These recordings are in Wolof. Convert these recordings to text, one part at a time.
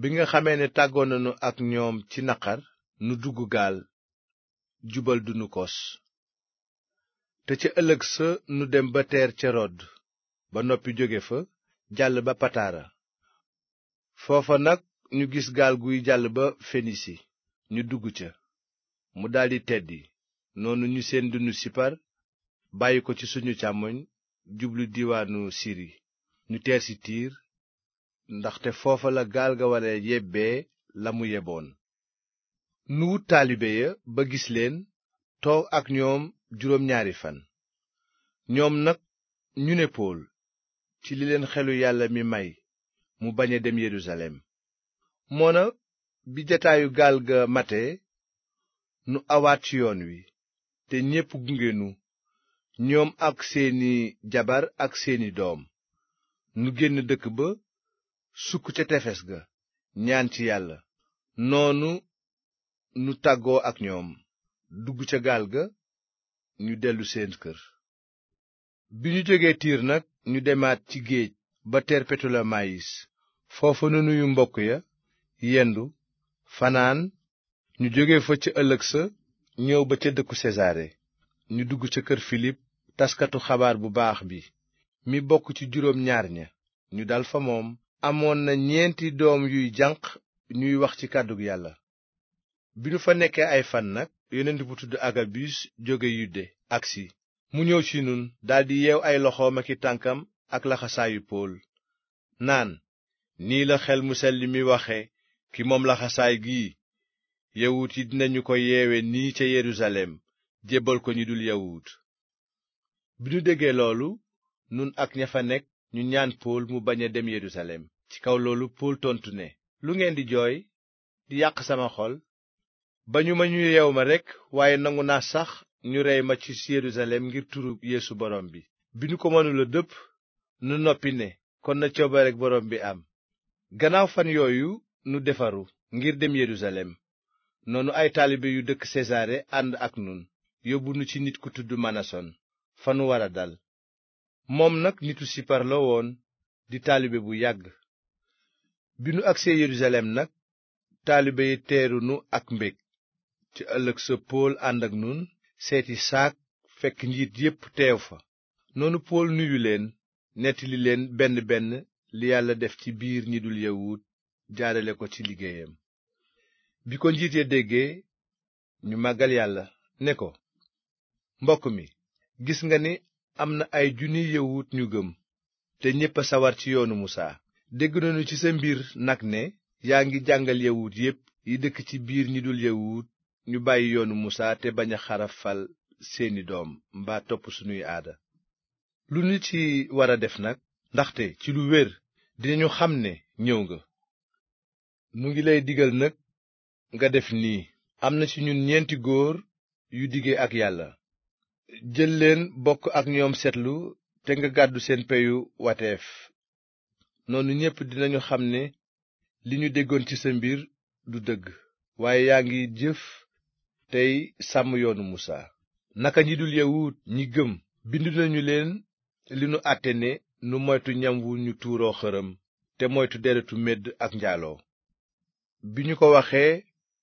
bi nga xamee ne tàggoo nanu ak ñoom ci naqar nu dugg gaal jubal dunukos te ca ëllëg sa nu dem ba teer ca rodd ba noppi jóge fa jàll ba pataara foofa nag ñu gis gaal guy jàll ba fenisi ñu dugg ca mu daldi teddi noonu ñu seen dunu sipar bàyyi ko ci suñu càmmoñ jublu diiwaanu siri ñu teer si tiir ndaxte foofa la gaal ga wara yebbee la mu yeboon nu wut taalibe ya ba gis leen toog ak ñoom juróom ñaari fan ñoom nag ñu ne pool ci li leen xelu yàlla mi may mu bañ a dem yerusalem moona bi jataayu gaal ga mate nu awaat ci yoon wi te ñépp gunge nu ñoom ak seeni jabar ak seeni doom nu génn dëkk ba sukk ca tefes ga ñaan ci yàlla noonu nu tàggoo ak ñoom dugg ca gaal ga ñu dellu seen kër bi ñu jógee tiir nag ñu demaat ci géej ba terpetolemayis foofa nu nuyu mbokk ya yendu fanaan ñu jóge fa ca ëllëg sa ñëw ba ca dëkku sesaare ñu dugg ca kër filip taskatu xabaar bu baax bi mi bokk ci juróom ñaar ña ñu dal fa moom amoon na ñeenti doom yuy jànq ñuy wax ci kàddu yàlla bi nu fa nekkee ay fan nag yonent bu tudd agabus jóge yudde aksi mu ñëw ci nun daldi yeew ay loxoom ak tànkam ak laxasaayu pool naan nii la xel mu sell mi waxe ki moom laxasaay gii yawut yi dinañu ko yeewe nii ca yerusalem jébbal ko ñu dul yawut bi nu déggee loolu nun ak ña fa nekk ñu ñaan pool mu bañ a dem yerusalem ci kaw loolu pol tontu ne lu ngeen di jooy di yàq sama xol ñu ma ñu yeew ma rekk waaye nangu naa sax ñu rey ma ci Yerusalem ngir turu Yeesu Borom bi bi ñu ko mënula dëpp nu noppi ne kon na coobareg Borom bi am gannaaw fan yooyu nu defaru ngir dem Yerusalem noonu ay taalibe yu dëkk Sesaare ànd ak nun yóbbu nu ci nit ku tudd Manason fa nu war a dal moom nag nitu Sipar woon di taalibe bu yàgg bi nu agsee yerusalem nag taalibe yi teeru nu ak mbég ci ëllëg sa pool ànd ak nun seeti saak fekk njiit yépp teew fa noonu pool nuyu leen nettali leen benn benn li yàlla def ci biir ñi dul yawut jaarale ko ci liggéeyam bi ko njiit ya déggee ñu màggal yàlla ne ko mbokk mi gis nga ni am na ay junni yawut ñu gëm te ñépp a sawar ci yoonu musaa dégg nañu ci sa mbir nag ne yaa ngi jàngal yawut yépp yi dëkk ci biir ñi dul yawut ñu bàyyi yoonu musaa te bañ a xarafal seeni doom mbaa topp sunuy aada lu ñu ci war a def nag ndaxte ci lu wér dinañu xam ne ñëw nga nu ngi lay digal nag nga def nii am na ci ñun ñeenti góor yu dige ak yàlla jël leen bokk ak ñoom seetlu te nga gàddu seen peyu wateef noonu ñépp dinañu xam ne li ñu déggoon ci sa mbir du dëgg waaye yaa ngi jëf tey sàmm yoonu musaa naka ñi dul yawut ñi gëm bind nañu leen li nu àtte ne nu moytu ñam wu ñu tuuroo xërëm te moytu deretu medd ak njaaloo bi ñu ko waxee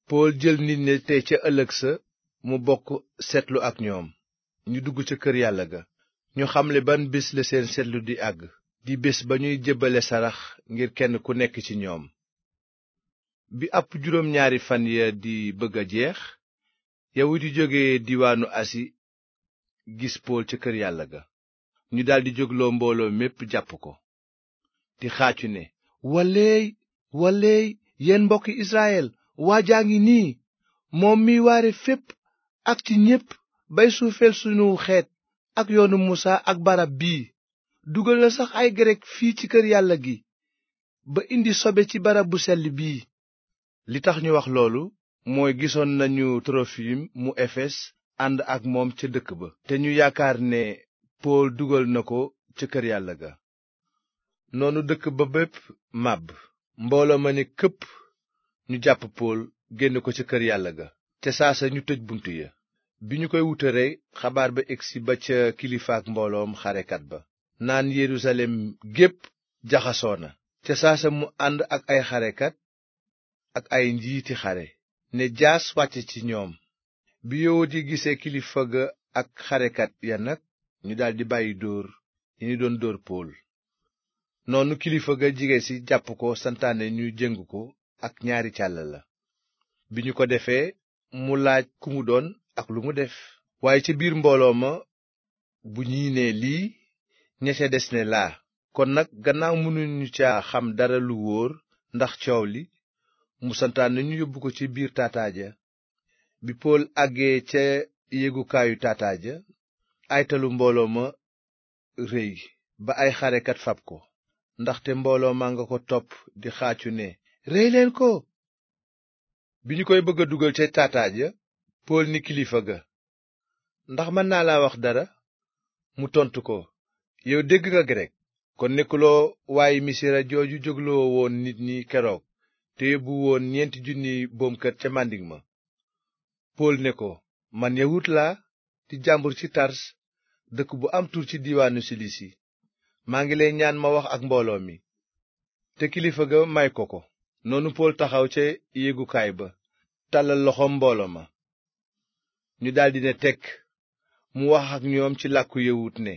pool jël nit ñi te ca ëllëg sa mu bokk seetlu ak ñoom ñu dugg ca kër yàlla ga ñu xamle ban bés la seen seetlu di àgg di bés ba ñuy jébbale sarax ngir kenn ku nekk ci ñoom bi ab juróom ñaari fan ya di bëgg a jeex yawut yi jóge diwaanu asi gis pool ca kër yàlla ga ñu daldi jógloo mbooloo mépp jàpp ko di xaacu ne waleey waleey yéen mbokki israyel waajaa ngi nii moom miy waare fépp ak ci ñépp bay suufeel sunu xeet ak yoonu musa ak barab bii dugal na sax ay grek fii ci kër yàlla gi ba indi sobe ci barab bu sell bii li tax ñu wax loolu mooy gisoon nañu trofim mu efes ànd ak moom ca dëkk ba te ñu yaakaar ne pool dugal na ko ca kër yàlla ga noonu dëkk ba bépp màbb mbooloo ma ne këpp ñu jàpp pool génn ko ca kër yàlla ga te saasa ñu tëj bunt ya bi ñu koy wutare xabaar ba egsi ba ca kilifaak mbooloom xarekat ba naan yerusalem gépp jaxasoo na ca saasa mu ànd ak ay xarekat ak ay njiiti xare ne jaas wàcc ci ñoom bi yowut yi gisee kilifa ga ak xarekat ya nag ñu daldi bàyyi dóor yi ñu doon dóor pool noonu kilifa ga jige si jàpp ko santaane ñu jëng ko ak ñaari càll la bi ñu ko defee mu laaj ku mu doon ak lu mu def waaye ci biir mbooloo ma bu ñii nee lii ña ca des ne laa kon nag gannaaw mënuñu ca xam dara lu wóor ndax coow li musantaan santaane ñu yóbbu ko ci biir taataaja bi pool àggee ca yéegukaayu taataaja aytalu mbooloo ma réy ba ay xarekat fab ko ndaxte mbooloo maa nga ko topp di xaacu ne rey ko bi ñu koy bëgg dugal ca taataaja pool ni kilifa ga ndax mën naa la wax dara mu tontu ko yow dégg nga grek kon nekkuloo waayu misira jooju jógloo woon nit ñi keroog te yóbbu woon ñeenti junni boomkat ca màndiŋ ma pool ne ko man yawut laa di jàmbur ci tars dëkk bu am tur ci diiwaanu silisi maa ngi lay ñaan ma wax ak mbooloo mi te kilifa ga may ko ko noonu pool taxaw ca yéegukaay ba tàllal loxoom mbooloo ma ñu daldi ne tekk mu wax ak ñoom ci làkku yawut ne